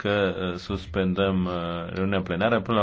că uh, suspendăm uh, reuniunea plenară până la